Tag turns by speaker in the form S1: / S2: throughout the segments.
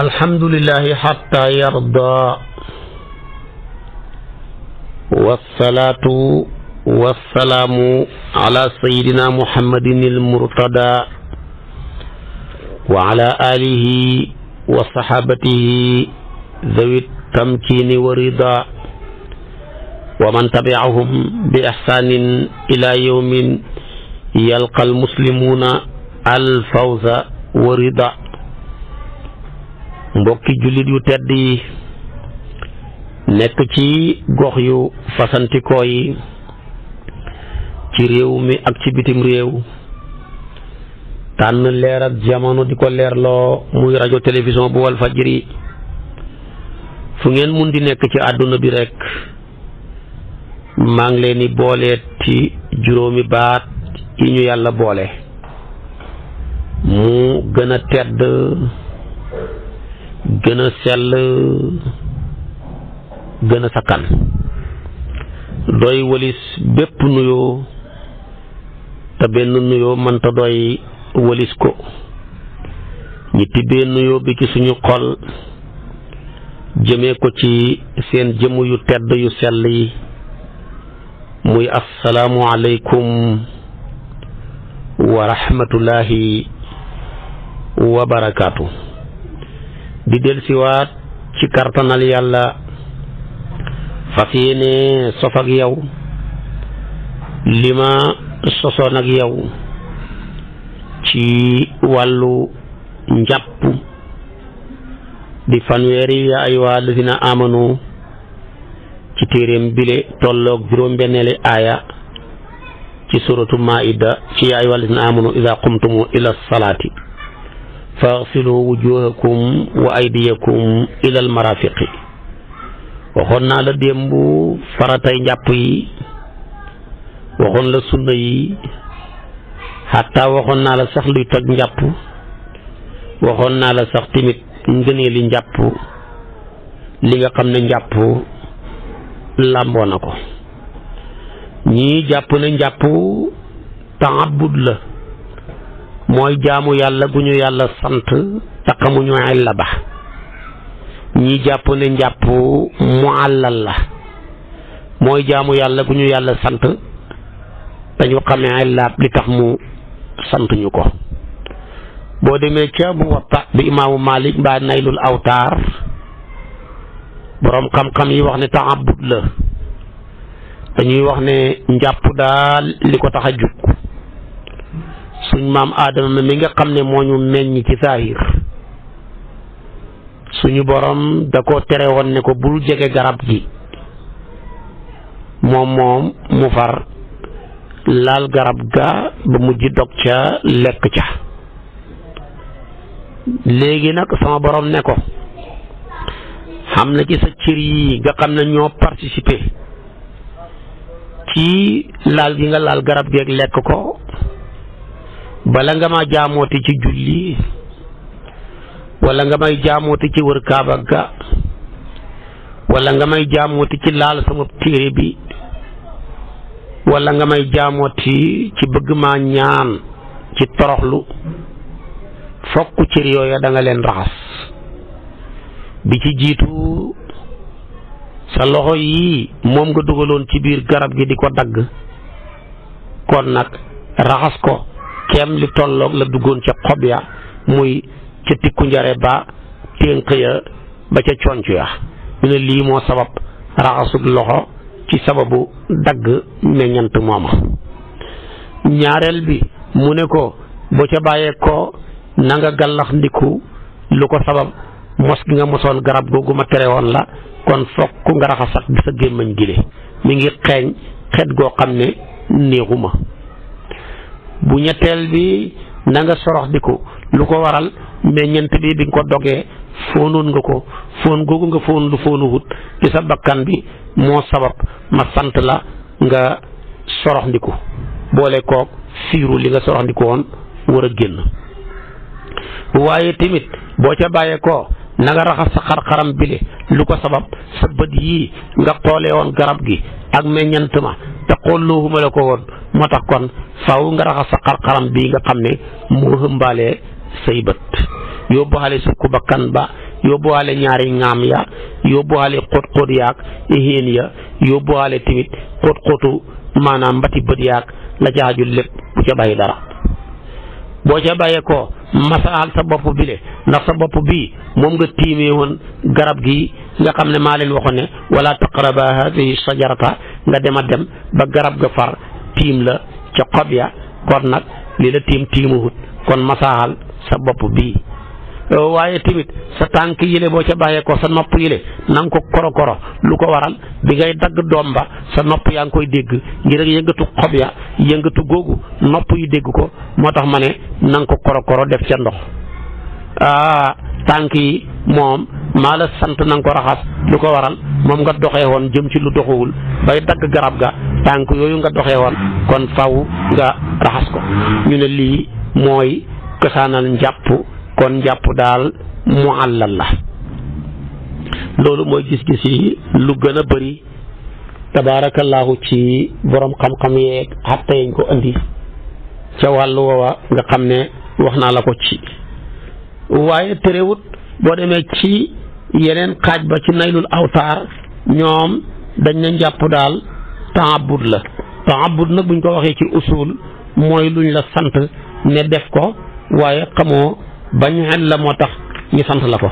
S1: alhamdulillahi xatta yarda wassalaatu wassalaamu ala sayidina muhammadin almurtada wa ala alihi wa saxaabatihi dhawi tamkiini wa rida wa man tabiahum bi ihsaanin ila yawmin yalqa almuslimuuna alfawza wa rida mbokki jullit yu tedd yi nekk ci gox yu fasantikoo yi ci réew mi ak ci bitim réew tànn leer jamono di ko leerloo muy rajo télévision bu wal fu ngeen mun di nekk ci àdduna bi rekk maa ngi leen di boole ci juróomi baat yi ñu yàlla boole mu gën a tedd gën a sell gën sakkan doy walis bépp nuyoo te benn nuyoo mënta doy walis ko ñi tibbee nuyoo bi ci suñu xol jëmee ko ci seen jëmm yu tedd yu sell yi muy assalaamu aleykum wa rahmatullahi wa di dellusiwaat ci kartanal yàlla fas yéene sof ak yow li ma sosoon ak yow ci wàllu njàpp di fanweeri ya ayyuhaa allazina amanu ci téeréem bile tolloog juróom-benneeli aaya ci suratu maida ci ya ayyuhaa allazina amanu ida qumtumu ila salaati faxsilu wujuhakum wa aydiyakum ilal marafiqi waxoon naa la démb faratay njàpp yi waxoon la sunna yi xataa waxoon naa la sax luy toj njàpp waxoon naa la sax tamit ngëneeli njàpp li nga xam ne njàpp làmboo na ko ñii jàpp ne njàpp taabud la mooy jaamu yàlla gu ñu yàlla sant te xamuñu illa ba ñii jàpp ne njàpp mu àllal la mooy jaamu yàlla gu ñu yàlla sant dañu xamee illaab li tax mu santuñu ko boo demee ca Muwatta bi imaamu Malik mbaa Naylul Awtaar boroom xam-xam yi wax ne taabud la dañuy wax ne njàpp daal li ko tax a jug suñ maam aadama mi nga xam ne moo ñu meññ ci saahir suñu borom da ko tere woon ne ko bul jege garab gi moom moom mu far laal garab ga ba mujj dog ca lekk ca léegi nag sama boroom ne ko xam na ci sa cër yi nga xam ne ñoo participer ci laal gi nga laal garab gi ak lekk ko bala nga ma jaamooti ci julli wala nga may jaamooti ci wër kaaba ga wala nga may jaamooti ci laal sama téere bi wala nga may jaamooti ci bëgg maa ñaan ci toroxlu fokk ci yooya da nga leen raxas bi ci jiitu sa loxo yii moom nga dugaloon ci biir garab gi di ko dagg kon nag raxas ko kem li tolloog la duggoon ca xob ya muy ca tikku njare ba ténk ya ba ca conc ya ñu ne lii moo sabab raxasub loxo ci sababu dagg meññant mooma ñaareel bi mu ne ko boo ca bàyyee ko na nga lu ko sabab mos gi nga mosoon garab googu ma tere woon la kon fokk nga raxasat bi sa gémmañ gile mi ngi xeeñ xet goo xam ne ma bu ñetteel bi na nga sorox lu ko waral meññent bi bi nga ko dogee fóonoon nga ko fóon googu nga fóon lu fóonu wut ci sa bakkan bi moo sabab ma sant la nga sorox ndi ko boole koog siiru li nga sorox war a génn waaye tamit boo ca bàyyee ko nanga nga raxas sa xar-xaram bile lu ko sabab sa bët yii nga xoolee woon garab gi ak meññant ma te xolluhuma la ko woon moo tax kon faw nga raxas sa xar-xaram bii nga xam ne moo hëmbaale say bët yóbbuwaale sukku bakkan ba yóbbuwaale ñaari ŋaam ya yóbbuwaale xóot-xóot yaag éhéen ya yóbbuwaale tamit xóot-xóotu maanaam mbati bët yaag la ca aju lépp bu ca ko masaal sa bopp bile ndax sa bopp bii moom nga tiimee woon garab gi nga xam ne maa leen waxoon ne wala taqraba hadihi sajarata nga dem a dem ba garab ga far tiim la ca xob ya kon nag li la tiim tiimuwut kon masaaxal sa bopp bii waaye tamit sa tànk yële boo ca bàyyee ko sa nopp yële nang ko koro koro lu ko waral bi ngay dagg doom ba sa nopp yaa ngi koy dégg ngir ak yëngatu xob ya yëngatu googu nopp yi dégg ko moo tax ma ne nang ko koro koro def ca ndox tànk yi moom maa la sant na ko raxas lu ko waral moom nga doxee woon jëm ci lu doxuwul bay dagg garab ga tànk yooyu nga doxee woon kon faw nga raxas ko ñu ne lii mooy kasaanal njàpp kon njàpp daal mu àllal la loolu mooy gis-gis yi lu gën a bari tabaarakallaahu ci borom xam-xam yeeg xatta yañ ko indi ca wàll woowa nga xam ne wax naa la ko ci waaye terewut boo demee ci yeneen xaaj ba ci naylul awtaar ñoom dañ na njàpp daal taabud la taabud nag buñ ko waxee ci usul mooy luñ la sant ne def ko waaye xamoo bañ xel la moo tax ñu sant la ko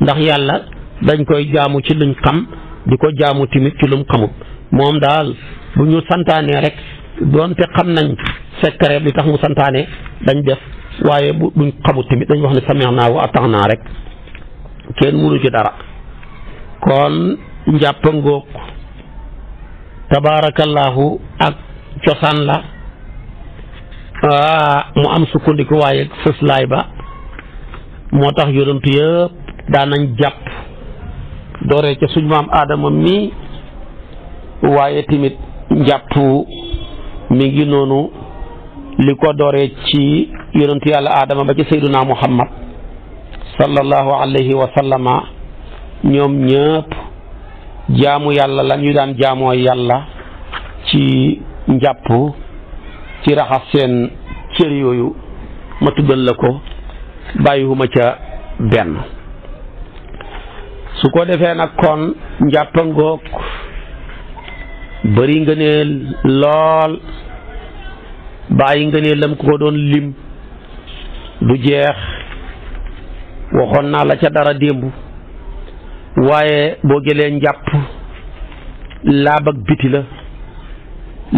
S1: ndax yàlla dañ koy jaamu ci luñ xam di ko jaamu timit ci lum xamut moom daal bu ñu santaanee rek doonte xam nañ secret bi tax mu santaane dañ def waaye bu buñ xamut tamit dañ wax ne samiha naa wa tax naa rek kenn mënu ci dara kon njàppa ngóog tabaarakallaahu ak cosaan la ah, mu am sukkandiku waaye sëslaay ba moo tax yonantu yëpp daanañ jàpp dooree ca suñ maam aadama mi waaye timit njàpp mi ngi noonu li ko dooree ci yonentu yàlla aadama ba ci sayduna muhammad sallallahu alayhi wa ñoom ñëpp jaamu yàlla la ñu daan jaamoo yàlla ci njàpp ci raxas seen cër yooyu ma tuddal la ko bàyyiwuma ca benn su ko defee nag kon njàppangoog bëri ngëneel lool bàyyi nga ne lam ko doon lim du jeex waxoon naa la ca dara démb waaye boo jëlee njàpp laab biti la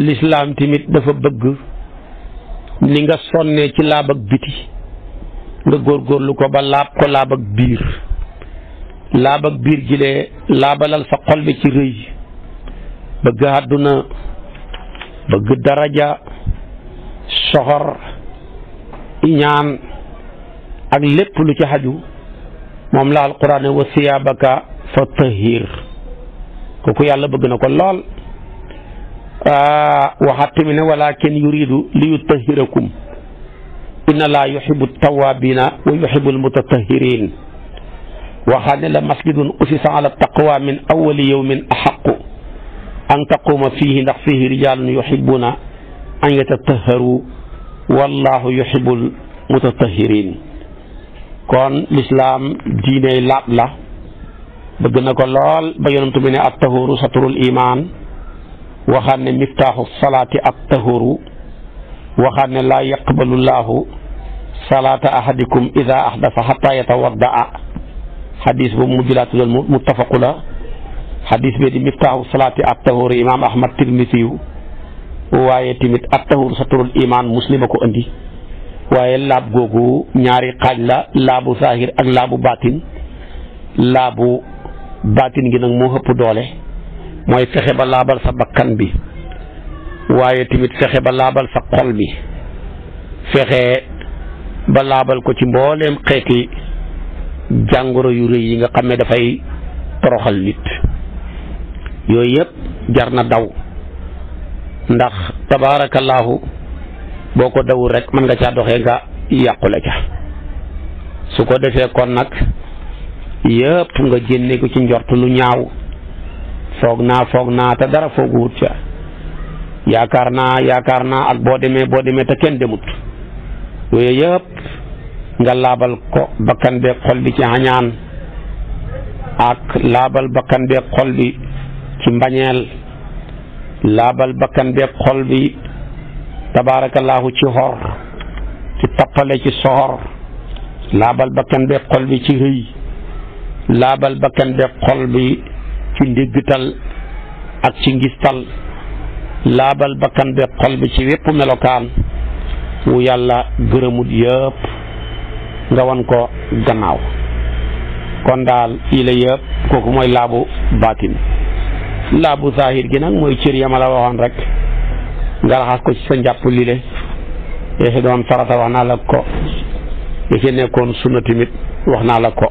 S1: lislaam tamit dafa bëgg ni nga sonnee ci laabag biti nga góorgóorlu ko ba laab ko laab biir laab ak biir gilee laabalal sa xol bi ci rëy bëgg àdduna bëgg daraja soxor iñaan ak lépp lu ci xaju moom la alquran ne wa siyaabaka fa tahir kooku yàlla bëgg na ko lool ah, waxaat tamit ne walakin yuridu li yutahirakum inna laa yuhibu tawabina wa yuhibu almutatahirin waxaat ne la masjidun usisa ala taqwa min awali yawmin axaqu an taquuma fiihi ndax fiihi rijalun yuhibuna an yatataharu wallahu yuhibbul mutatahhirin kon lislaam diiney laab la bëgg na ko lool ba yonentu bi ne at tahuru satrul iman waxaan ne miftaaxu salaati at tahuru waxaan ne laa yaqbalullahu salaata ahadikum ida ahdasa xata yatawaddaa xadis boobu mujj laa tuddal muttafaqu la xadis bi di miftaaxu salaati at tahuru imam ahmad tirmisiyu waaye tamit at tahur saturul iman muslima ko andi waaye laab googu ñaari xaaj la laabu saahir ak laabu baatin laabu baatin gi nag moo ëpp doole mooy fexe ba laabal sa bakkan bi waaye tamit fexe ba laabal sa xol bi fexe ba laabal ko ci mbooleem xeeti jàngoro yu rëy yi nga xam ne dafay toroxal nit yooyu yëpp jar na daw ndax tabaarakallaahu boo ko dawul rek mën nga ca doxe nga yàqule ca su ko defee kon nag yëpp nga jénne ko ci njort lu ñaaw foog naa foog naa te dara foogu wut ca yaakaar naa yaakaar naa ak boo demee boo demee te kenn demut yooyu yëpp nga laabal ko bakkan beeg xol bi ci añaan ak laabal bakkan beeg xol bi ci mbañeel laabal bakkan beeg xol bi tabaarakallaahu ci xor ci tappale ci soxor laabal bakkan beeg xol bi ci rëy laabal bakkan beeg xol bi ci ndéggital ak ci ngistal laabal bakkan beeg xol bi ci wépp melokaan wu yàlla gërëmut yëpp nga wan ko gannaaw kon daal yii la yëpp kooku mooy laabu baatin laabu zahir gi nag mooy cër yama la waxoon rek nga raxas ko ci sa njàpp lile yee si doon farata wax naa la ko yi ci nekkoon sunna tamit wax naa la ko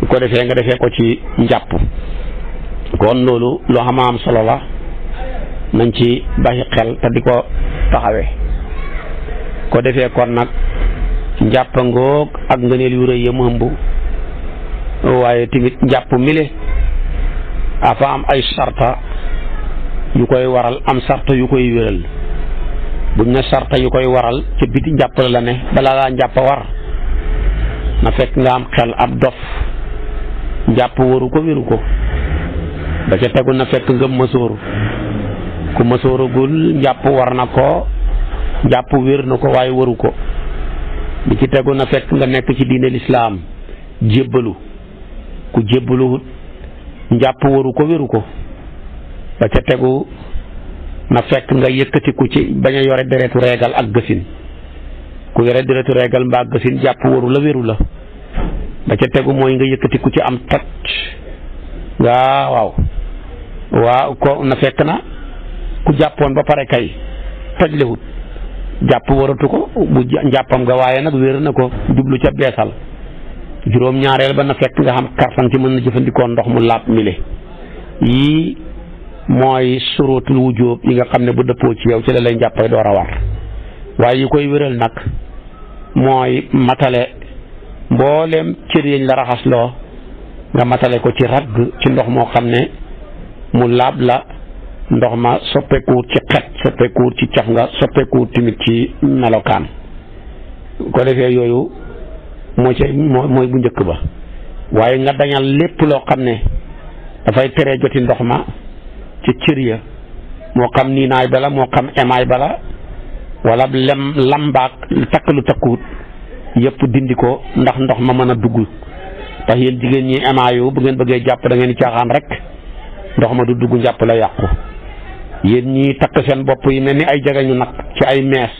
S1: bu ko defee nga defee ko ci njàpp kon loolu loo xam am solo la nañ ci bàyyi xel te di ko taxawee ko defee kon nag njàppangoog ak ngëneel yu rëy ya mu ëmb waaye tamit njàpp mile afa am ay sarta yu koy waral am sarta yu koy wéral buñ ne sarta yu koy waral ca biti njàpp la ne balaa laa njàpp war na fekk nga am xel ab dof njàpp waru ko wéru ko da ca tegu na fekk nga mësóoru ku mësooragul njàpp war na ko njàpp wér na ko waaye waru ko bi ci tegu na fekk nga nekk ci diine lislaam jébbalu ku jébbaluwut njàpp waru ko wéru ko ba ca tegu na fekk nga yëkkatiku ci bañ a yore deretu reegal ak gësin ku yore deretu reegal mbaa gësin jàpp waru la wéru la ba ca tegu mooy nga yëkkatiku ci am toj waa waaw ko na fekk na ku jàppoon ba pare kay toj lewut jàpp waratu ko bu njàppam nga waaye nag wér na ko jublu ca beesal juróom-ñaareel ba na fekk nga xam kartan ci mën na jëfandikoo ndox mu laab mile yii mooy surutul wujub yi nga xam ne bu dëppoo ci yow ci la lay njàppay door a war waaye yu koy wéral nag mooy matale mboolem cër yañ la raxasloo nga matale ko ci ragg ci ndox moo xam ne mu laab la ndox ma soppeekuwut ci xet soppeekuwut ci caf nga soppeekuwut tamit ci melokaan ko defee yooyu moo mooy bu njëkk ba waaye nga dañal lépp loo xam ne dafay tere joti ndox ma ci cër ya moo xam niinaay bala moo xam emaay bala wala lem lambaak takk lu takkuwut yëpp dindi ko ndax ndox ma mën a dugg tax yéen jigéen ñi emaayu bu ngeen bëggee jàpp da ngeen caaxaan rek ndox ma du dugg njàpp la yàqu yéen ñi takk seen bopp yi mel ni ay jagañu nag ci ay mees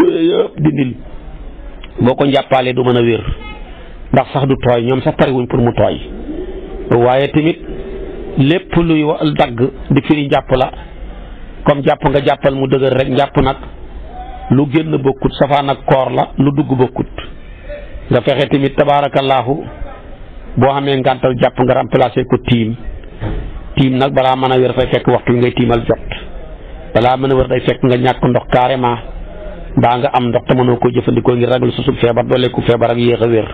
S1: yëpp dindil boo ko njàppaalee du mën a wér ndax sax du tooy ñoom sax parewuñ pour mu tooy waaye tamit lépp luy dagg di firi jàpp la comme jàpp nga jàppal mu dëgër rek njàpp nag lu génn bokkut safaan ak koor la lu dugg bokkut nga fexe tamit tabaarakallaahu boo xamee ngàntal jàpp nga remplacé ko tiim tiim nag balaa mën a wér fay fekk waxtu wi ngay tiimal jot balaa mën a wér day fekk nga ñàkk ndox carrément mbaa nga am ndox te mënoo koo jëfandikoo ngi ngir ragal susub feebar dooleeku feebar ak yéex a wér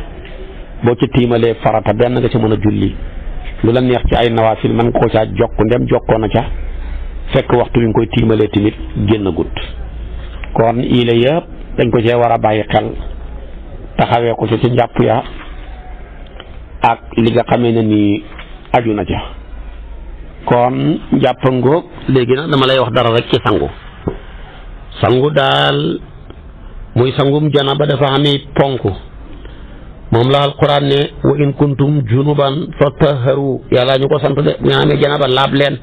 S1: boo ci tiimalee farata benn nga ci mën a julli lu la neex ci ay nawaafil mën nga ko caa jokk ndem jokkoo na ca fekk waxtu wi nga koy tiimalee tamit génn gut kon iile yëpp dañ ko cee war a bàyyi xel taxawee ko ca ci njàpp ya ak li nga xame na nii aju na ca kon njàpp ngoog léegi nag dama lay wax dara rek ci sangu sangu daal muy sangum janaba dafa xami ponk moom la alquran ne wa in kuntum junuban fatahharu yàlla ñu ko sant de bu ñu amee janaba laab leen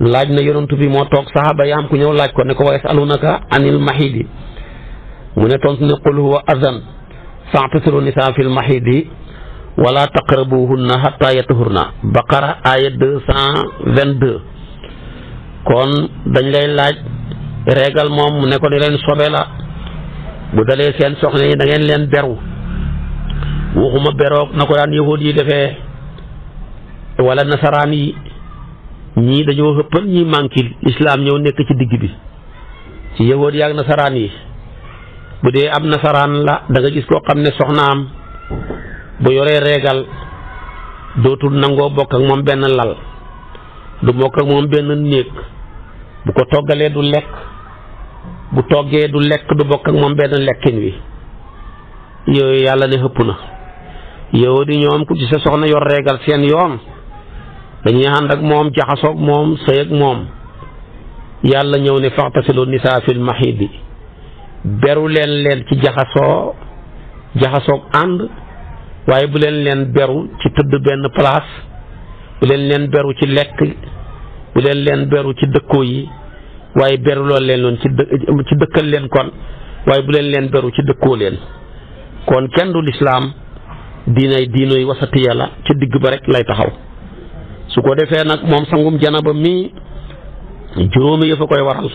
S1: laaj na yonantu bi moo toog saxaaba ya am ñëw laaj ko ne ko wa yasalunaka anil mahidi mu ne tontu ne qul huwa adan fa'tasilu nisaa fil mahidi wala taqrabuhunna hatta yatahurna baqara aya deux vingt-deux kon dañ lay laaj régal moom mu ne ko ni sobe la bu dalee seen soxna yi da leen beru waxuma beroog na ko daan yahud yi defee wala nasaraan yi ñii dañoo xëppal ñii mànkil islaam ñëw nekk ci digg bi ci yahud yi ak nasaraan yi bu dee am nasaraan la danga gis koo xam ne soxnaam bu yoree régal dootul nangoo bokk ak moom benn lal du bokk ak moom benn néeg bu ko toggalee du lekk bu toggee du lekk du bokk ak moom benn lekkin wi yooyu yàlla ne xëpp na yow di ñoom ku ci sa soxna yor reegal seen yoon dañuy ànd ak moom jaxasoog moom sëy ak moom yàlla ñëw ne faxtasilu nisaa fil bi beru leen leen ci jaxasoo jaxasoog ànd waaye bu leen leen beru ci tëdd benn place bu leen leen beru ci lekk bu leen leen beru ci dëkkoo yi waaye beru loolu leen loon ci dë ci dëkkal leen kon waaye bu leen leen beru ci dëkkoo leen kon kenn du lislaam diinay diinoy wasati yàlla ci digg ba rek lay taxaw su ko defee nag moom sangum janaba mii juróomi yëfa koy waral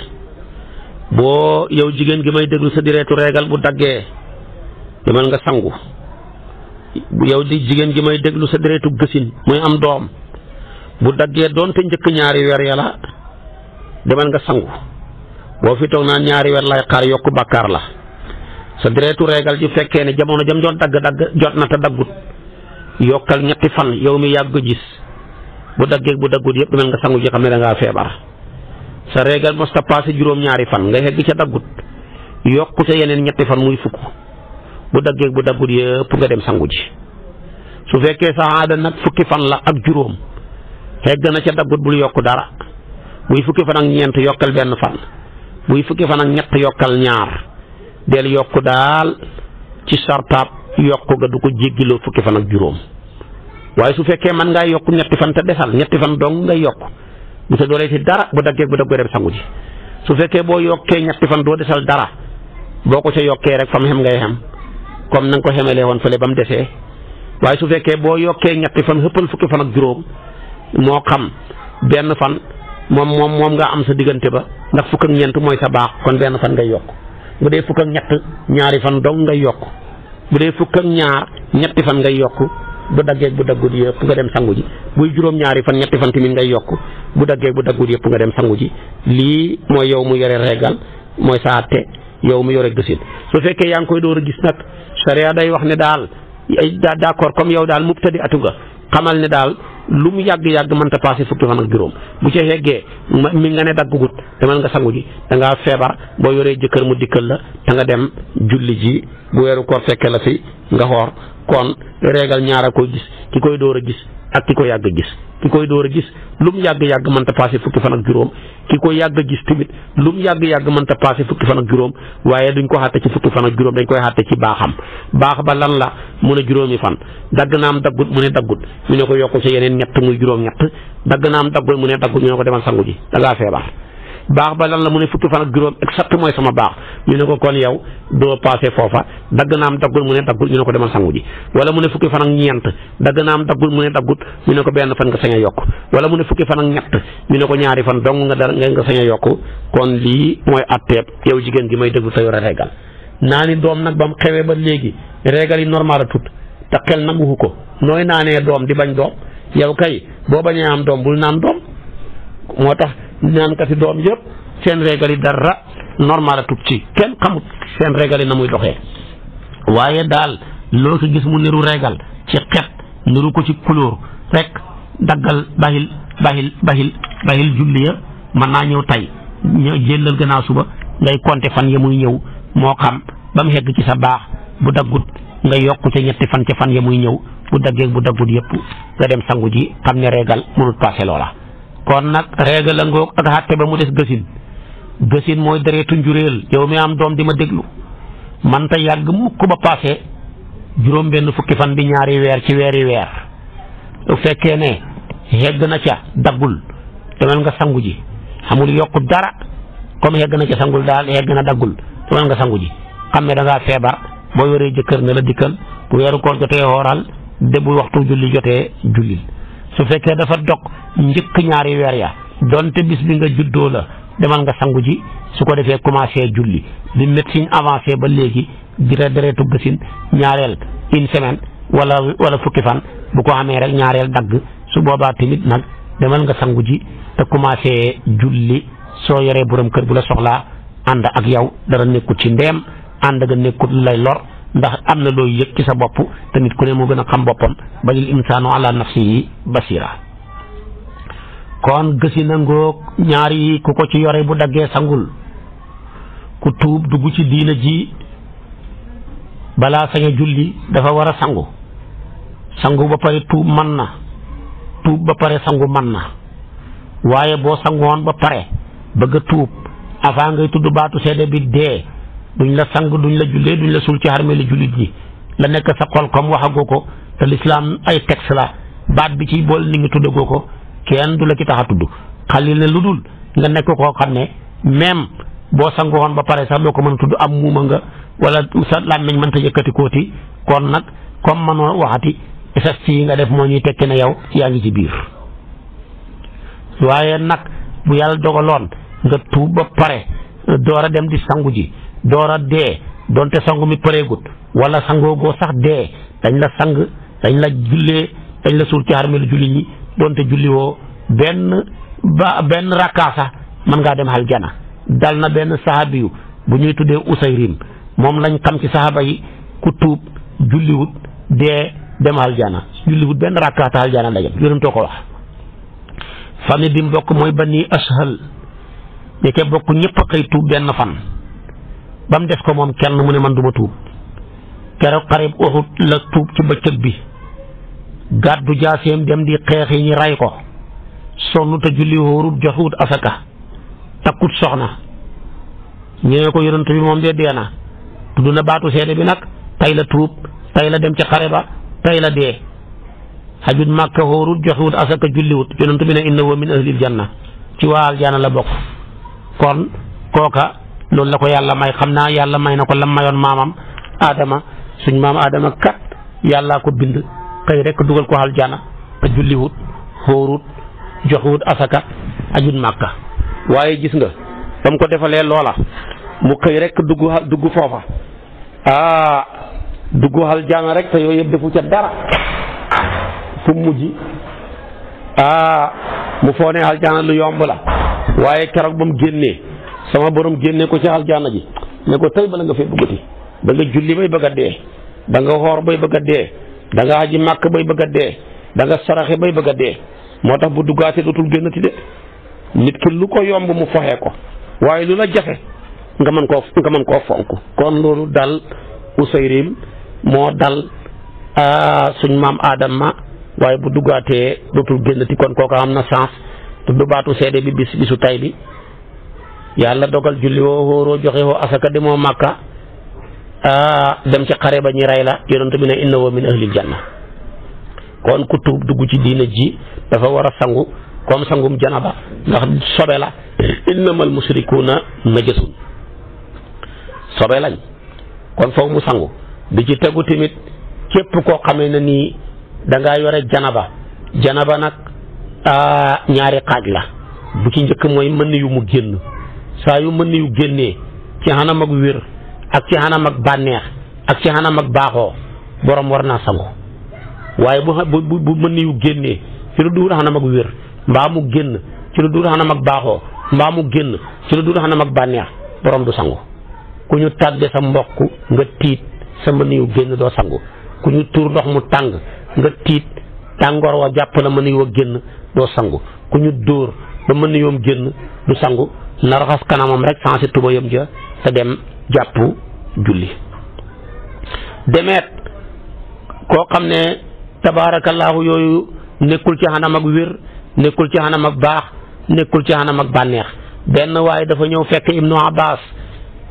S1: boo yow jigéen gi may déglu sa direetu reegal bu daggee demal nga sangu yow di jigéen gi may déglu sa direetu gësin muy am doom bu daggee doonte njëkk ñaari weer yàlla demal nga sangu boo fi toog naa ñaari weer lay xaar yokk bàkkaar la sa deretu reegal ji fekkee ne jamono jam doon dagg dagg jot na te daggut yokkal ñetti fan yow mi yàgg gis bu daggee bu daggut yëpp demal nga sangu ji xam ne da feebar sa reegal mos ta passé fan nga ca daggut yokku ca yeneen ñetti fan muy fukk bu daggee bu daggut yëpp nga dem sangu ji su fekkee sa aada nag fukki fan la ak juróom xegg na ca daggut bul yokk dara buy fukki fan ak ñeent yokkal benn fan buy fukki fan ak ñett yokkal ñaar del yokk daal ci sartaab yokk ga du ko jéggiloo fukki fan ak juróom waaye su fekkee man ngaa yokk ñetti fan te desal ñetti fan dong ngay yokk bu sa doolee ci dara bu daggee bu daggoo dem sangu ji su fekkee boo yokkee ñetti fan doo desal dara boo ko ca yokkee rek fam xem ngay xem comme nañ ko xemalee woon fële ba mu desee waaye su fekkee boo yokkee ñetti fan xëppal fukki fan ak juróom moo xam benn fan moom moom moom nga am sa diggante ba ndax fukk ak ñeent mooy sa baax kon benn fan ngay yokk bu dee fukk ak ñaari fan dong ngay yokk bu dee fukk ak ñaar ñetti fan ngay yokk bu daggeeg bu daggut yëpp nga dem sangu ji buy juróom fan ñetti fan tamit ngay yokk bu daggeeg bu yëpp nga dem sangu ji lii mooy yow mu yore régal mooy sa àtte yow mu yore gësin su fekkee yaa ngi koy door a gis nag charia day wax ne daal d'accord comme yow daal mubtadi atu nga xamal ne daal lu mu yàgg-yàgg mënta passé fukki fan ak juróom bu ca yeggee mi nga ne daggugut demal nga sangu ji da ngaa feebar boo yoree jëkkër mu dikkal la da nga dem julli ji bu weeru koor fekkee la fi nga xoor kon réegal ñaar a koy gis ki koy door a gis ak ki ko yàgg gis ki koy door a gis lu mu yàgg-yàgg mënta passé fukki fan ak juróom ki ko yàgg gis tamit lu mu yàgg-yàgg mënta passé fukki fan ak juróom waaye duñ ko xàtte ci fukki fan ak juróom dañ koy xàtte ci baaxam baax ba lan la mu ne juróomi fan dagg naam daggut mu ne daggut ko yokku ci yeneen ñett muy juróom-ñett dagg naam ñu ne ko demal sangu ji da feebar baax ba lan la mu ne fukki fan ak juróom exact mooy sama baax ñu ne ko kon yow doo passé foofa dagg naam daggul mu ne daggul ñu ne ko demal sangu ji wala mu ne fan ak ñeent dagg naam daggul mu ne daggut ñu ne ko benn fan nga sañ a yokk wala mu ne fukki fan ak ñett ñu ne ko ñaari fan dong nga dara nga sañ a yokk kon lii mooy atteeb yow jigéen gi may déglu sa yore regal naa ni doom nag ba xewee ba léegi régal yi normal tut te xel nanguwu ko nooy naanee doom di bañ doom yow kay boo bañee am doom bul naan doom moo tax naankati doom yëpp seen régal yi dara normal tut ci kenn xamut seen régal na muy doxe waaye daal loo ci gis mu niru régal ci xet niru ko ci couleur rek daggal bahil bahil bahil bahil julli ya mën naa ñëw tey ñëw jëlal gannaaw suba ngay compter fan ya muy ñëw moo xam ba mu xegg ci sa baax bu daggut nga yokk ca ñetti fan ca fan ya muy ñëw bu daggee bu daggut yëpp nga dem sangu ji xam ne régal mënut passé loola. kon nag régal ak xàtte ba mu des gësin gësin mooy deretu njuréel yow mi am doom di ma déglu man yàgg mukk ba passé juróom fukki fan bi ñaari weer ci weeri weer su fekkee ne yegg na daggul demal nga sangu ji xamul yokk dara comme yegg na ca sangul daal yegg na daggul demal nga sangu ji xam ne da feebar. boo yoree jëkkër na la dikkal bu weeru koor jotee wooral de bu waxtu julli jotee jullil su fekkee dafa dog njëkk ñaari weer ya donte bis bi nga juddoo la demal nga sangu ji su ko defee commencé julli bi médecine avancé ba léegi dina deretu gësin ñaareel une semaine wala wala fukki fan bu ko amee rek ñaareel dagg su boobaa tamit nag demal nga sangu ji te commencé julli soo yoree borom kër bu la soxlaa ànd ak yow dara nekkul ci ndeem ànd ak nekkut lay lor ndax am na looy yëg ci sa bopp te nit ku ne moo gën a xam boppam balil insaanu ala nafsihi basira kon gësi na ngoog ñaari yi ku ko ci yore bu daggee sangul ku tuub dugg ci diina ji balaa sañ a julli dafa war a sangu sangu ba pare tuub man na tuub ba pare sangu man na waaye boo sangoon ba pare bëgg a tuub avant ngay tudd baatu seede bi dee duñ la sang duñ la jullee duñ la suul ci xarme jullit ñi la nekk sa xol comme waxagoo ko te lislaam ay texte la baat bi ci bool ni ngi tuddagoo ko kenn du la ci tax a tudd xalil ne lu dul nga nekk koo xam ne même boo sangu woon ba pare sax doo ko mën a tudd am muuma nga wala sa làmmiñ mënta yëkkati kooti kon nag comme mënoo waxati sas yi nga def moo ñuy tekki na yow yaa ngi ci biir waaye nag bu yàlla dogaloon nga tuub ba pare door a dem di sangu ji door a dee donte sangu mi pareegut wala sangoo goo sax dee dañ la sang dañ la jullee dañ la suul ci xarmelu julli ñi donte julli woo benn ba benn rakkaa sax mën ngaa dem aljana dal na benn sahabi bu ñuy tuddee usayrim moom lañ xam ci sahaba yi ku tuub julliwut dee dem aljana julliwut benn rakkaata aljana la jëm yonent too ko wax famille bi mu bokk mooy bani ashal ñi ca bokk ñëpp a xëy tuub benn fan ba mu def ko moom kenn mu ne man du ma tuub keroog xarib Uhud la tuub ci bëccëg bi gàddu jaaseem dem di xeex yi ñu ray ko sonn te julli wóorut joxut asaka takkut soxna ñëwee ko yonent bi moom de dee na tudd na baatu seede bi nag tey la tuub tey la dem ci xare ba tey la dee xajut màkka wóorut joxut asaka julliwut yonent bi ne innahu min ahlil janna ci waa aljanna la bokk kon kooka loolu la ko yàlla may xam naa yàlla may na ko lam mayoon maamam aadama suñ maam Adama kat yàllaa ko bind xëy rek dugal ko aljana te julliwut xóorut joxuwut asaka ajut màkka waaye gis nga ba mu ko defalee loola mu xëy rek dugg dugg foofa ah dugg aljana rek te yooyu yëpp defu ca dara fu mujj ah mu foonee aljana lu yomb la waaye keroog ba mu génnee sama boroom génnee ko ci aljanna ji ne ko tey bala nga fay bëggati da nga julli bay bëgga a dee da nga xoor bay bëgg a dee da nga aji màkk bay bëgga dee danga nga saraxe bay bëgga dee moo tax bu duggaatee dootul génnati de nit ki lu ko yomb mu foxee ko waaye lu la jafe nga mën koo nga koo fonk kon loolu dal Usayrim moo dal suñ maam Adama waaye bu duggaatee dootul génnati kon kooka am na chance te du baatu seede bi bis bisu tay bi yàlla dogal julli woo hóoroo joxe woo asaka demoo màkka dem ci xare ba ñi rey la yonent bi ne innahu min ahlil janna kon ku dugg ci diina ji dafa war a sangu comme sangum janaba ndax sobe la innamal na najasun sobe lañ kon foofu mu sangu bi ci tegu tamit képp koo xamee na nii dangaa yore janaba janaba nag ñaari xaaj la bu ci njëkk mooy mën yu mu génn saa yu mën yu génnee ci xanam ak wér ak ci xanam ak bànneex ak ci xanam ak baaxoo borom war naa sangu waaye bu bu bu mën yu génnee ci lu duur xanam ak wér mbaa mu génn ci lu duur xanam ak baaxoo mbaa mu génn ci lu duur xanam ak bànneex borom du sangu ku ñu tàgge sa mbokk nga tiit sa mën yu génn doo sangu ku ñu tuur ndox mu tàng tiit tàngoor wa jàpp la mën yu génn doo sangu ku ñu dóor ba mën yoom génn du sangu na raxas kanamam rek sansi tubayam ja te dem jàpp julli demeet koo xam ne tabaarakallaahu yooyu nekkul ci xanam ak wér nekkul ci xanam ak baax nekkul ci xanam ak bànneex benn waaye dafa ñëw fekk ibnu abbas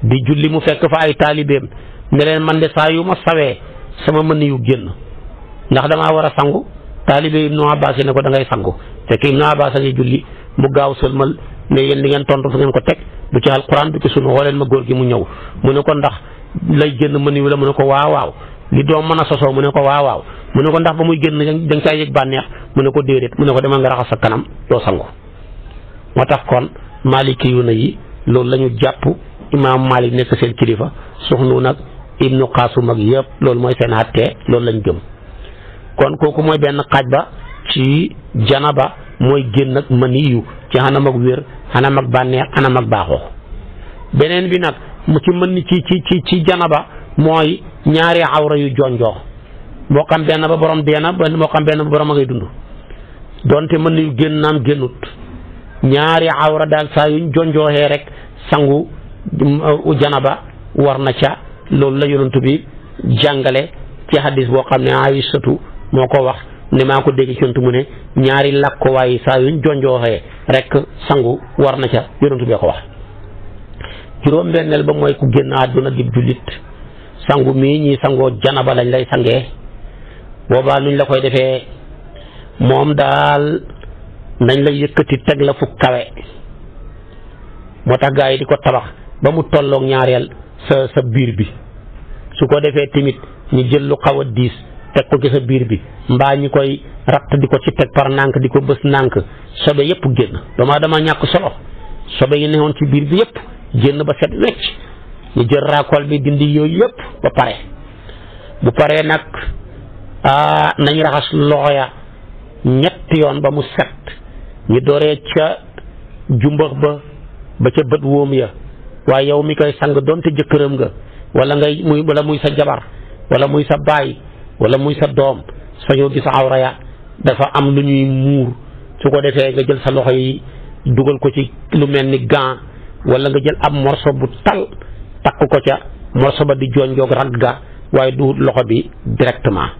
S1: di julli mu fekk fa ay taalibeem ne man de saa yu ma sawee sama mën yu génn ndax damaa war a sangu taalibe ibnu abbas yi ne ko dangay ngay sangu fekk ibnu abbas a ngi julli mu gaaw sëlmal ne yéen li ngeen tontu fu ngeen ko teg du ci alquran du ci sunu woo leen ma góor gi mu ñëw mu ne ko ndax lay génn mënuñu la mu ne ko waaw waaw li doom mën a sosoo mu ne ko waaw waaw mu ne ko ndax ba muy génn da nga caa yëg bànneex mu ne ko déedéet mu ne ko demal nga raxas sa kanam doo sango moo tax kon maliki yu na yi loolu lañu jàpp imaam Malik nekk seen kilifa suxnu nag ibnu Qasum ak yëpp loolu mooy seen àtte loolu lañ gëm kon kooku mooy benn xaaj ba ci janaba mooy génn ak maniyu ci wér anam ak bànneex anam ak baaxoo beneen bi nag mu ci mën ci ci ci ci janaba mooy ñaari awra yu jonjoo moo xam benn ba borom dee na moo xam benn ba borom a ngay dund donte mën nañu génn naam génnut ñaari awra daal saa yuñ jonjooxee rek sangu mm, uh, janaba war na ca loolu la yonent bi jàngale ci hadis boo xam ne satu moo ko wax ni maa ko dégg ci yonent mu ne ñaari làkkuwaay yi saa yuñ jonjooxee rek sangu war na ca yonent bee ko wax juróom-benneel ba mooy ku génn àdduna di jullit sangu mii ñi sangoo janaba lañ lay sangee boobaa nuñ la koy defee moom daal nañ la yëkkati teg la fu kawe moo tax gaa yi di ko tabax ba mu tolloog ñaareel sa sa biir bi su ko defee tamit ñu jël lu xaw a diis teg ko ci sa biir bi mbaa ñi koy ratt di ko ci teg par nànk di ko bës nànk sobe yëpp génn doomu aadama ñàkk solo sobe yi newoon ci biir bi yëpp génn ba set wecc ñu jël raakool bi dindi yooyu yëpp ba pare bu paree nag ah nañ raxas loxo ya ñetti yoon ba mu set ñu dooree ca jumbax ba ba ca bët wóom ya waaye yow mi koy sang doonte jëkkëram nga wala ngay muy wala muy sa jabar wala muy sa baay wala muy sa doom sañoo gis aw ya dafa am lu ñuy muur su ko defee nga jël sa loxo yi dugal ko ci lu mel ni gant wala nga jël am morso bu tal takk ko ca morso ba di jooñ joog rag ga waaye du loxo bi directement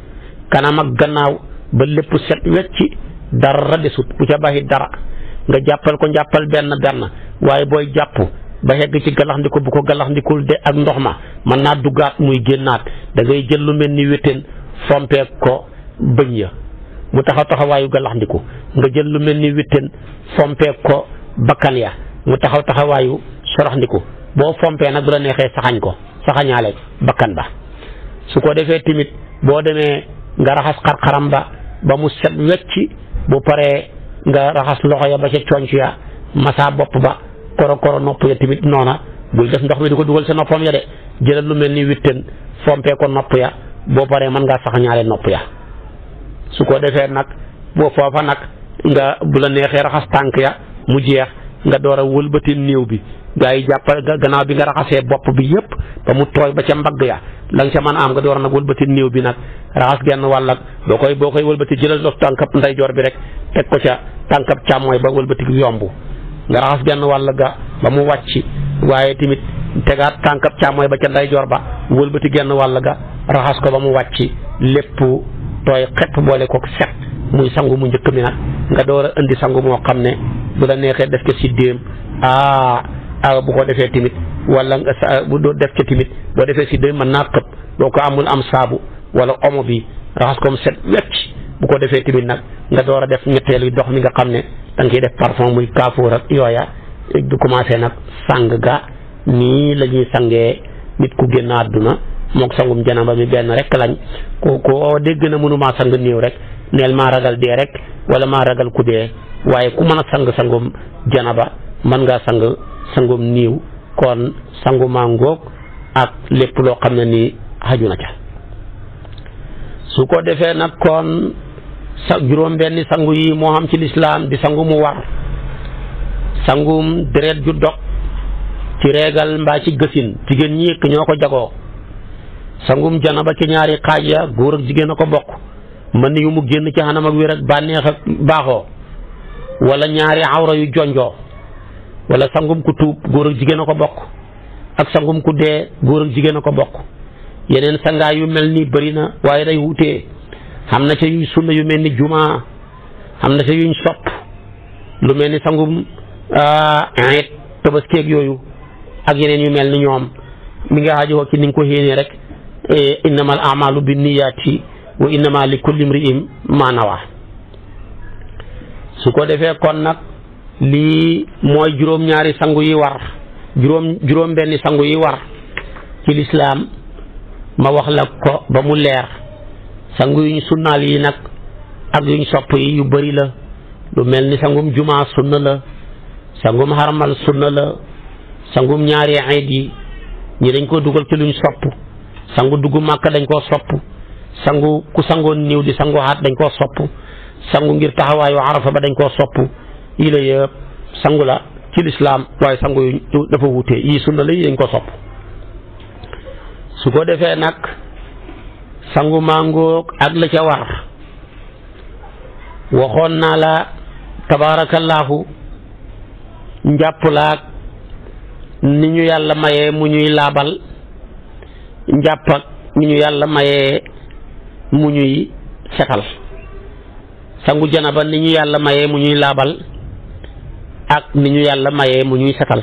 S1: kanam ak gannaaw ba lépp set wecci dara desut bu ca bàyyi dara nga jàppal ko jàppal benn benn waaye booy jàpp ba yegg ci galaxndiko bu ko galaxndikul de ak ndox ma mën naa duggaat muy génnaat da ngay jël lu mel ni wéteen fompee ko bëñ ya mu taxaw taxawaayu galaxndiku nga jël lu mel ni witten fompee ko bakkan ya mu taxaw taxawaayu soraxndiku boo fompee nag bu la neexee saxañ ko saxañaale bakkan ba su ko defee tamit boo demee nga raxas xar-xaram ba ba mu set wecc bu paree nga raxas loxo ya ba ca conc ya masaa bopp ba koro koro nopp ya tamit noona bul def ndox mi di ko dugal sa noppam ya de jëlal lu mel ni witten fompee ko nopp ya boo paree mën ngaa sax ñaare nopp ya su ko defee nag boo foofa nag nga bu la neexee raxas tànk ya mu jeex nga door a wëlbati néew bi gaa yi jàppal gannaaw bi nga raxasee bopp bi yépp ba mu tooy ba ca mbagg ya la ca mën a am nga door a nag wëlbati néew bi nag raxas genn wàll ak boo koy boo koy wëlbati jëlal dof tànkab ndeyjoor bi rek teg ko ca tànkab càmmooy ba wëlbati yomb nga raxas genn wàll ga ba mu wàcc waaye tamit tegaat tànkab càmmooy ba ca ndeyjoor ba wëlbati genn wàll ga raxas ko ba mu wàcc lépp tooy xepp boole ko set muy sangu mu njëkk mi nag nga door a indi sangu moo xam ne bu la neexee def ko si déem ah ah bu ko defee tamit wala nga bu doo def ca tamit defee si déem mën naa xëpp ko amul am saabu wala omo bi raxas ko mu set wecc bu ko defee tamit nag nga door a def ñetteelu dox mi nga xam ne da koy def parfum muy kaafuur ak yooya du commencé nag sang ga nii la sangee nit ku génn àdduna mook sangum janaba mi benn rek lañ ko dégg na mënumaa sang néew rek neel maa ragal dee rek wala maa ragal ku dee waaye ku mën a sang sangum janaba mën ngaa sang sangum niiw kon sangu maa ngoog ak lépp loo xam ne nii xaju na ca su ko defee nag kon sa juróom-benni sangu yi moo xam ci lislaam di sangu mu war sangum deret ju dog ci reegal mbaa ci gësin jigéen ñi yëkk ñoo ko jagoo sangum janaba ci ñaari xaaj ya góor ak jigéen a ko bokk mën yu mu génn ci xanam ak wi rek bànneex ak baaxoo wala ñaari awra yu jonjoo wala sangum ku tuub góor ak jigéen a ko bokk ak sangum ku dee góor ak jigéen a ko bokk yeneen sangaay yu mel ni bëri na waaye day wutee xam na ca yuy sunna yu mel ni jumaa xam na ca yuñ sop lu mel ni sangum it yooyu ak yeneen yu mel ni ñoom mi nga xaajowoo ci ni nga ko xéenee rek Eh, innama al amalu bi niyaati wa innama li kulli mri'in ma su ko defee kon nag lii mooy juróom-ñaari sangu yi war juróom juróom-benni sangu yi war ci lislaam ma wax la ko ba mu leer sangu yuñ sunnaal yi nag ak yuñ sopp yi yu bari la lu mel ni sangum jumaa sunna la sangum harmal sunna la sangum ñaari eid yi ñi dañ ko dugal ci luñ sopp sangu dugg màkk dañ koo sopp sangu ku sangoon niiw di sangu xaat dañ koo sopp sangu ngir taxawaayu arafa ba dañ koo sopp yii la yëpp sangu la ci lislaam waaye sangu yu dafa wutee yii sunna la dañ ko sopp su ko defee nag sangu màngook ak la ca war waxoon naa la tabaarakallaahu njàpp laak ni ñu yàlla mayee mu ñuy laabal njàpp ak ni ñu yàlla mayee mu ñuy setal sangu janaba ni ñu yàlla mayee mu ñuy laabal ak ni ñu yàlla mayee mu ñuy setal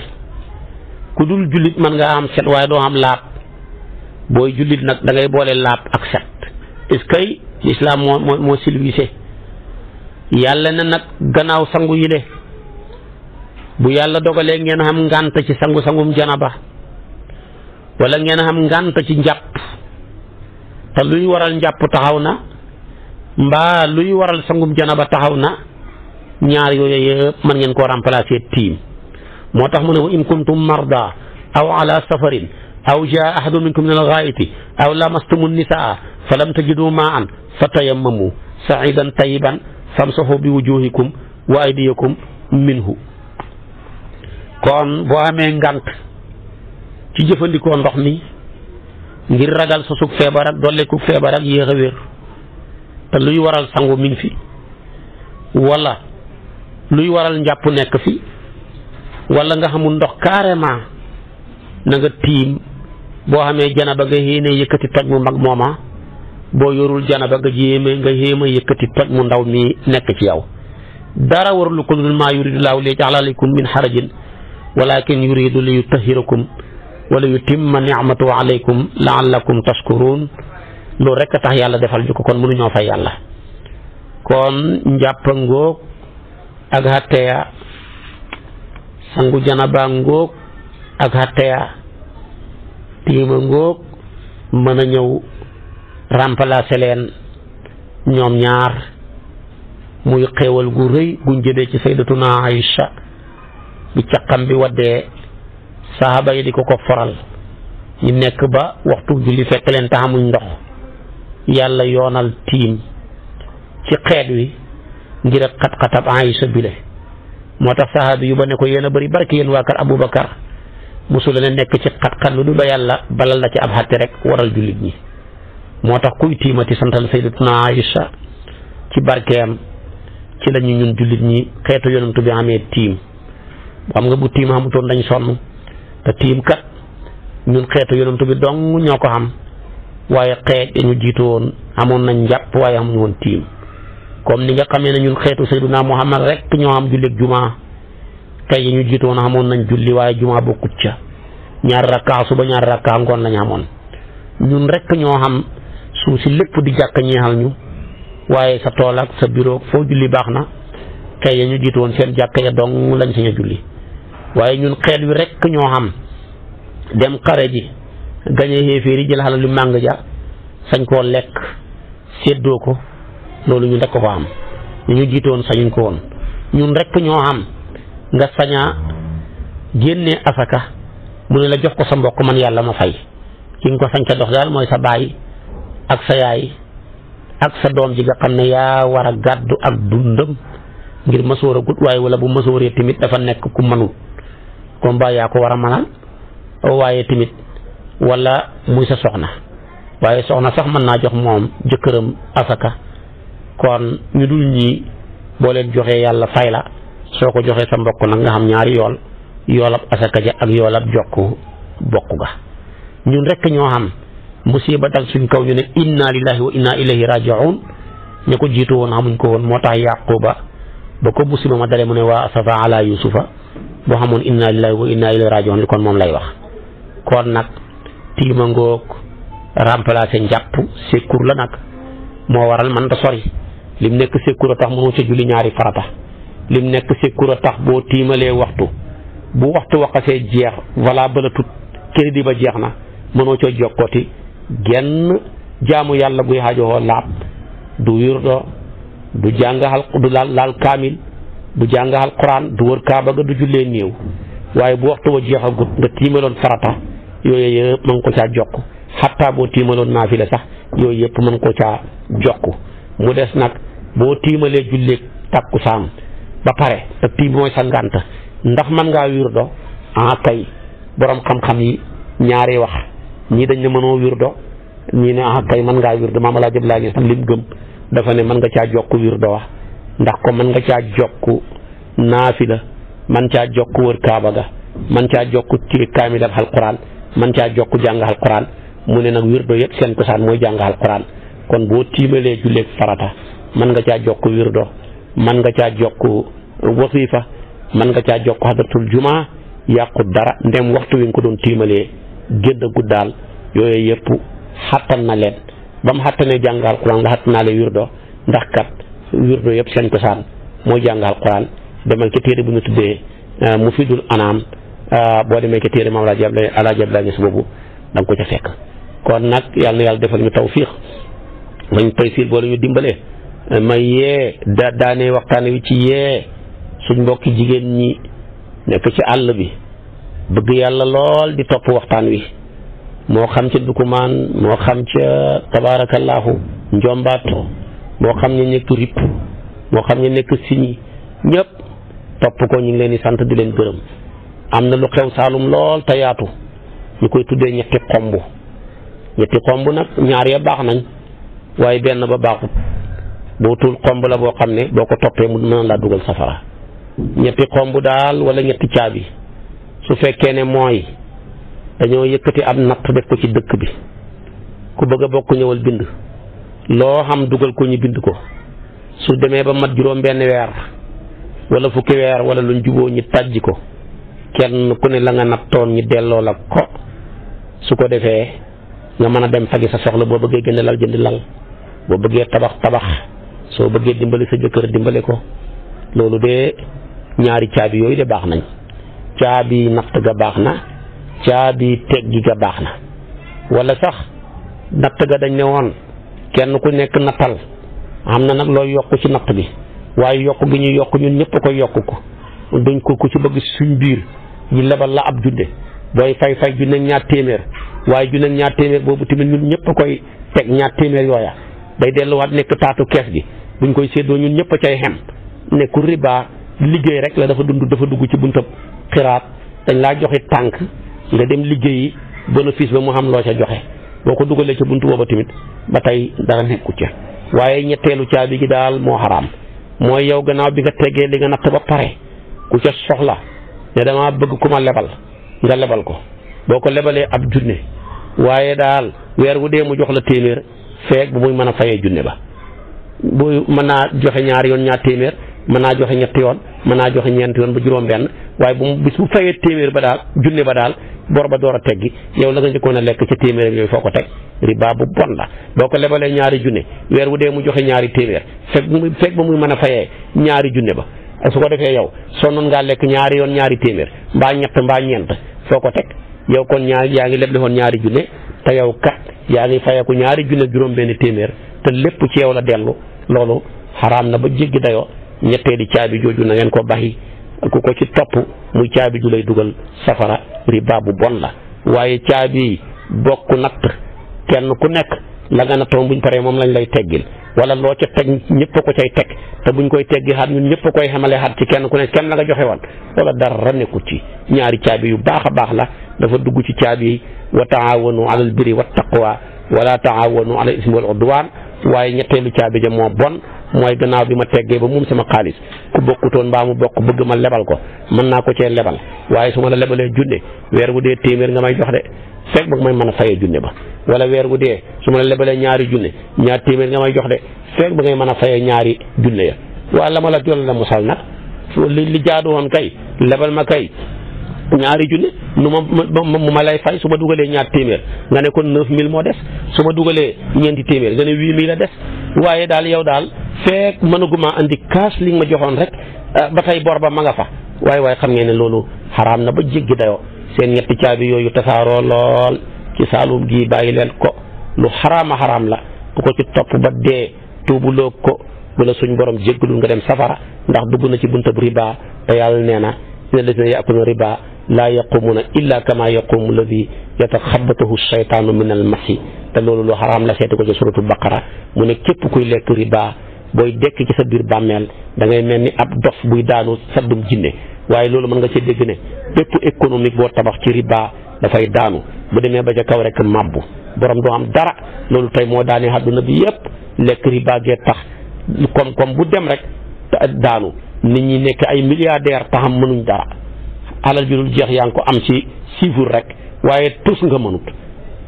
S1: ku dul jullit mën nga am set waaye doo am laab booy jullit nag dangay boole laab ak set est lislaam moo moo moo yàlla na nag gannaaw sangu yile bu yàlla dogalee ngeen am ngànt ci sangu sangum janaba wala ngeen xam ngànt ci njàpp te luy waral njàpp taxaw na mbaa luy waral sangum janaba taxaw na ñaar yooyu yëpp mën ngeen koo remplacer tiim moo tax mu ne wa in kuntum marda aw ala safarin aw jaa ahadun minkum min algaayiti aw lamastumu nisaa fa lam tajidu maan fa tayammamu saidan tayiban famsahu bi wujuhikum wa aydiyakum minhu kon boo amee ngànt ci jëfandikoo ndox mi ngir ragal sosug feebar ak dolleeku feebar ak yéex a wér te luy waral sangu mi fi walla luy waral njàpp nekk fi wala nga xamul ndox carrément na nga tiim boo xamee janaba nga yéene yëkkati toj mu mag mooma boo yorul janaba nga jéeme nga yéem a yëkkati toj mu ndaw mi nekk ci yow dara warul ko dul maa yuridu laahu li yaj'ala alaykum min harajin walakin yuridu li yutahhirakum wala yutimma ni'matahu alaykum la'allakum tashkurun loolu rek a tax yàlla defal ñu ko kon mënuñoo fay yàlla kon njàppa ngóog ak xatteya sangu janaba ngóog ak xatteya tiima ngóog mën a ñëw remplacer leen ñoom ñaar muy xéewal gu rëy guñ jëlee ci saydatuna Aïcha bi caqam bi saxaaba yi di ko ko foral ñu nekk ba waxtu julli fekk leen taxamuñ ndox yàlla yoonal tiim ci xeet wi ngir a xat-xatab Aysa bile moo tax saxaabi yu ba ne ko yéen a bëri barke yéen abu kër Aboubacar mosu la nekk ci xat-xat lu du ba yàlla balal la ci ab xatte rek waral jullit ñi moo tax kuy tiimati santal sayyidatuna Aysa ci barkeem ci lañu ñun jullit ñi xeetu yonantu bi amee tiim xam nga bu tiim amutoon dañ sonn te tiim kat ñun xeetu yonent bi dong ñoo ko xam waaye xeet ya ñu jiitu woon amoon nañ njàpp waaye amuñu woon tiim comme ni nga xamee ne ñun xeetu Sayyiduna Muhammad rek ñoo am julleeg jumaa xeet ya ñu jiitu amoon nañ julli waaye jumaa ca ñaar rakkaa suba ñaar rakkaa ngoon lañ amoon ñun rek ñoo xam suuf si lépp di jàkk ñeexal ñu waaye tool ak sa bureau foo julli baax na xeet ya ñu jiitu woon seen jàkk ya dong lañ sañ a julli waaye ñun xeet wi rek ñoo xam dem xare ji gañe xéeféer yi jël xalal lu màng ja sañ koo lekk séddoo ko loolu ñu rek ko am ñu ñu jiitoon sañuñ ko woon ñun rek ñoo xam nga sañaa génnee asaka mu ne la jox ko sa mbokk man yàlla ma fay ki nga ko sañ ca dox daal mooy sa baay ak sa yaay ak sa doom ji nga xam ne yaa war a gàddu ak dundam ngir masóor a gut waaye wala bu masóoree tamit dafa nekk ku mënul combat yaa ko war a mënal waaye tamit wala muy sa soxna waaye soxna sax mën naa jox moom jëkkëram asaka kon ñu dul ñii boo leen joxee yàlla fay la soo ko joxee sa mbokk nag nga xam ñaari yool yoolab asaka ja ak yoolab jokk bokk ga ñun rekk ñoo xam musiba dal suñ kaw ñu ne inna lillahi wa inna ilayhi rajiun ña ko jiitu woon xamuñ ko woon moo tax yàquba ba ko musiba ma dale mu ne waa asafa ala yusufa boo xamoon inna lillahi wa inna ilayhi rajiun kon moom lay wax kon nag tiima ngoog remplacer njàpp secours la nag moo waral man da sori lim nekk secours a tax mënoo ca julli ñaari farata lim nekk secours a tax boo tiimalee waxtu bu waxtu waxasee jeex voilà bala tut crédit ba jeex na mënoo ca jokkooti genn jaamu yàlla guy xaajowoo laab du wirdo du jàng du laal kaamil du jàng alquran du wër kaaba ga du jullee néew waaye bu waxtu wa jeexagut nga tiimaloon farata yooyu yëpp mën ko caa jokk xatta boo tiimaloon sax yooyu yëpp mën ko caa jokk mu des nag boo tiimalee julleeg takkusaan ba pare te tiim sa ngànt ndax mën ngaa wirdo ah kay borom xam-xam yi ñaari wax ñii dañ ne mënoo wirdo ñii ne ah kay mën ngaa wirdo maam laa jëb laa gis lim gëm dafa ne mën nga caa jokk wirdo wax ndax ko mën nga caa jokk naafila man caa jokk wër kaaba ga man caa jokk téye kaamil ab alquran man caa jokk jàng alquran mu ne nag wirdo yëpp seen cosaan mooy jàng alquran kon boo tiimalee julleeg farata man nga caa jokk wirdo man nga caa jokk wasifa man nga caa jokk hadratul jumaa yàqu dara ndem waxtu wi nga ko doon tiimalee génn gu daal yooyu yëpp xattan na leen ba mu xattanee jàng alquran nga xattanaalee wirdo ndax kat wirdo yëpp si lañ ko saan mooy jàng alquran demal ci téere bu ñu tuddee euh, mu fi dul anaam euh, boo demee ci téere maam alaaji alaaji Abdoulaye Niass boobu da nga ko ca fekk kon nag yàlla na yàlla defal ñu tawfiix mañ taysiir boole ñu dimbalee may yee da daanee waxtaan wi ci yee suñ mbokki jigéen ñi nekk ci àll bi bëgg yàlla lool di topp waxtaan wi moo xam ca dukumaan moo xam ca tabaarakallaahu njombaato moo xam ne nekk RIP moo xam ne nekk Signy ñëpp topp ko ñu ngi leen di sant di leen gërëm am na lu xew Saalum lool te ñu koy tuddee ñetti xomb ñetti xomb nag ñaar ya baax nañ waaye benn ba baaxut boo xomb la boo xam ne boo ko toppee mu mën laa dugal safara ñetti xomb daal wala ñetti caabi su fekkee ne mooy dañoo yëkkati am natt def ko ci dëkk bi ku bëgg a bokk ñëwal bind loo xam dugal ko ñu bind ko su demee ba mat juróom benn weer wala fukki weer wala lu juboo ñi tàjji ko kenn ku ne la nga nattoon ñi delloo la ko su ko defee nga mën a dem faji sa soxla boo bëggee gën a lal jënd lal boo bëggee tabax tabax soo bëggee dimbali sa jëkkër dimbali ko loolu de ñaari caabi yooyu de baax nañ caabi natt ga baax na caabi teggi ga baax na wala sax natt ga dañ ne woon kenn ku nekk nattal xam na nag looy yokk ci natt bi waaye yokk gi ñu yokk ñun ñëpp koy yokk ko dañ ko ku ci bëgg suñ biir ñu lebal la ab judde booy fay fay junne ñaar téeméer waaye junne ñaar téeméer boobu tamit ñun ñëpp koy teg ñaar téeméer yooya day delluwaat nekk taatu kees gi buñ koy séddoo ñu ñëpp a cay xem nekku riba liggéey rek la dafa dund dafa dugg ci buntab xiraat dañ laa joxe tànk nga dem liggéeyi bénéfice ba mu xam loo ca joxe boo ko dugalee ca buntu boobu tamit ba tey dara nekku ca waaye ñetteelu caabi gi daal moo xaraam mooy yow gannaaw bi nga tegee li nga natt ba pare ku ca soxla ne damaa bëgg ku ma lebal nga lebal ko boo ko lebalee ab junne waaye daal weer wu dee mu jox la téeméer feeg bu muy mën a fayee junne ba bu mën naa joxe ñaari yoon ñaar téeméer mën naa joxe ñetti yoon mën naa joxe ñeenti yoon ba juróom benn waaye bu mu bis bu fayee téeméer ba daal junne ba daal bor ba door a teggi yow la nga njëkkoon a lekk ca téeméer yooyu foo ko teg riba bu bon la boo ko lebalee ñaari junne weer wu dee mu joxe ñaari téeméer fekk bu ba muy mën a fayee ñaari junne ba su ko defee yow sonnoon ngaa lekk ñaari yoon ñaari téeméer mbaa ñett mbaa ñeent foo ko teg yow kon ñaari yaa ngi leble woon ñaari junne te yow kat yaa ngi fayeeku ñaari junne juróom-benn téeméer te lépp ci yow la dellu loolu xaraam na ba jéggi dayoo ñetteeli caabi jooju na ngeen ko baxi ku ko ci topp muy caabi ju lay dugal safara riba bu bon la waaye caabi bokk nag kenn ku nekk la nga toom buñ paree moom lañ lay teggil wala loo ca teg ñëpp a ko cay teg te buñ koy teggi xaat ñun ñëpp koy xamale xaat ci kenn ku nekk kenn la nga joxe woon wala dara nekkul ci ñaari caabi yu baax a baax la dafa dugg ci caabi yi wa taawanu alal birri wa taqwa wala taawanu alal ismi wal udwan waaye ñetteelu caabi ja moo bon mooy gannaaw bi ma teggee ba moom sama xaalis ku bokkutoon mbaa mu bokk bëgg ma lebal ko mën naa ko cee lebal waaye su ma la lebalee junne weer wu dee téeméer nga may jox de fekk ba may mën a fayee junne ba wala weer wu dee su ma lebalee ñaari junne ñaar téeméer nga may jox de fekk ngay mën a fayee ñaari junne ya waaye la ma la doon la musal nag li li jaadu woon kay lebal ma kay ñaari junne nu ma mu ma lay fay su ma dugalee ñaar téeméer nga ne kon neuf mille moo su ma dugalee ñeenti téeméer nga ne huit mille a des waaye daal yow daal feek mënaguma indi kaas li nga ma joxoon rek ah, ba tey bor ba ma nga fa waaye waaye xam ngeen ne loolu xaraam na ba jéggi dayoo seen ñetti caabi yooyu tasaaroo lool ci saalum gi bàyyi leen ko lu xaraama xaraam la bu ko ci topp ba dee tuubuloo ko bu la suñ borom jéggalul nga dem safara ndax dugg na ci buntab riba te yàlla nee na inna lazina yaakuluuna riba laa yaqumuuna illa kama yaqumu alladi yataxabatahu seytaanu min al masi te loolu lu xaraam la seeti ko ci suratul baqara mu ne képp kuy lekk riba booy dekk ci sa biir bàmmeel dangay mel ni ab dof buy daanu saddum jinne waaye loolu mën nga ci dégg ne bépp économique boo tabax ci riba dafay daanu bu demee ba ca kaw rek màbbu borom doo am dara loolu tey moo daanee àdduna bi yépp lekk riba gee tax koom-koom bu dem rek daanu nit ñi nekk ay milliardaire taxam mënuñ dara alal bi dul jeex yaa ngi ko am ci siifur rek waaye tus nga mënut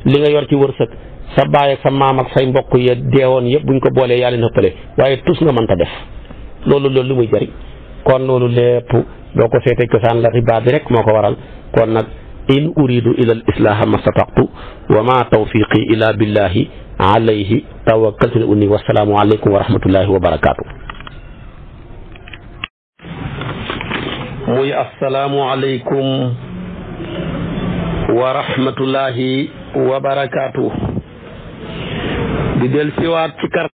S1: li nga yor ci wërsëg sa baay ak sa maam ak say mbokk ya deewoon yëpp buñ ko boole yaa leen ëppale waaye tus nga mënta def loolu loolu lu muy jëriñ kon loolu lépp boo ko seetee cosaan la riba rek moo ko waral kon nag in uridu ila al islaaha mastataqtu wa ma tawfiqi ila billahi alayhi tawakkaltu ne unni wasalaamu aleykum wa rahmatullahi wa barakaatu muy asalaamualeykum wa rahmatullahi wa barakaatu. di del siwaat ci kar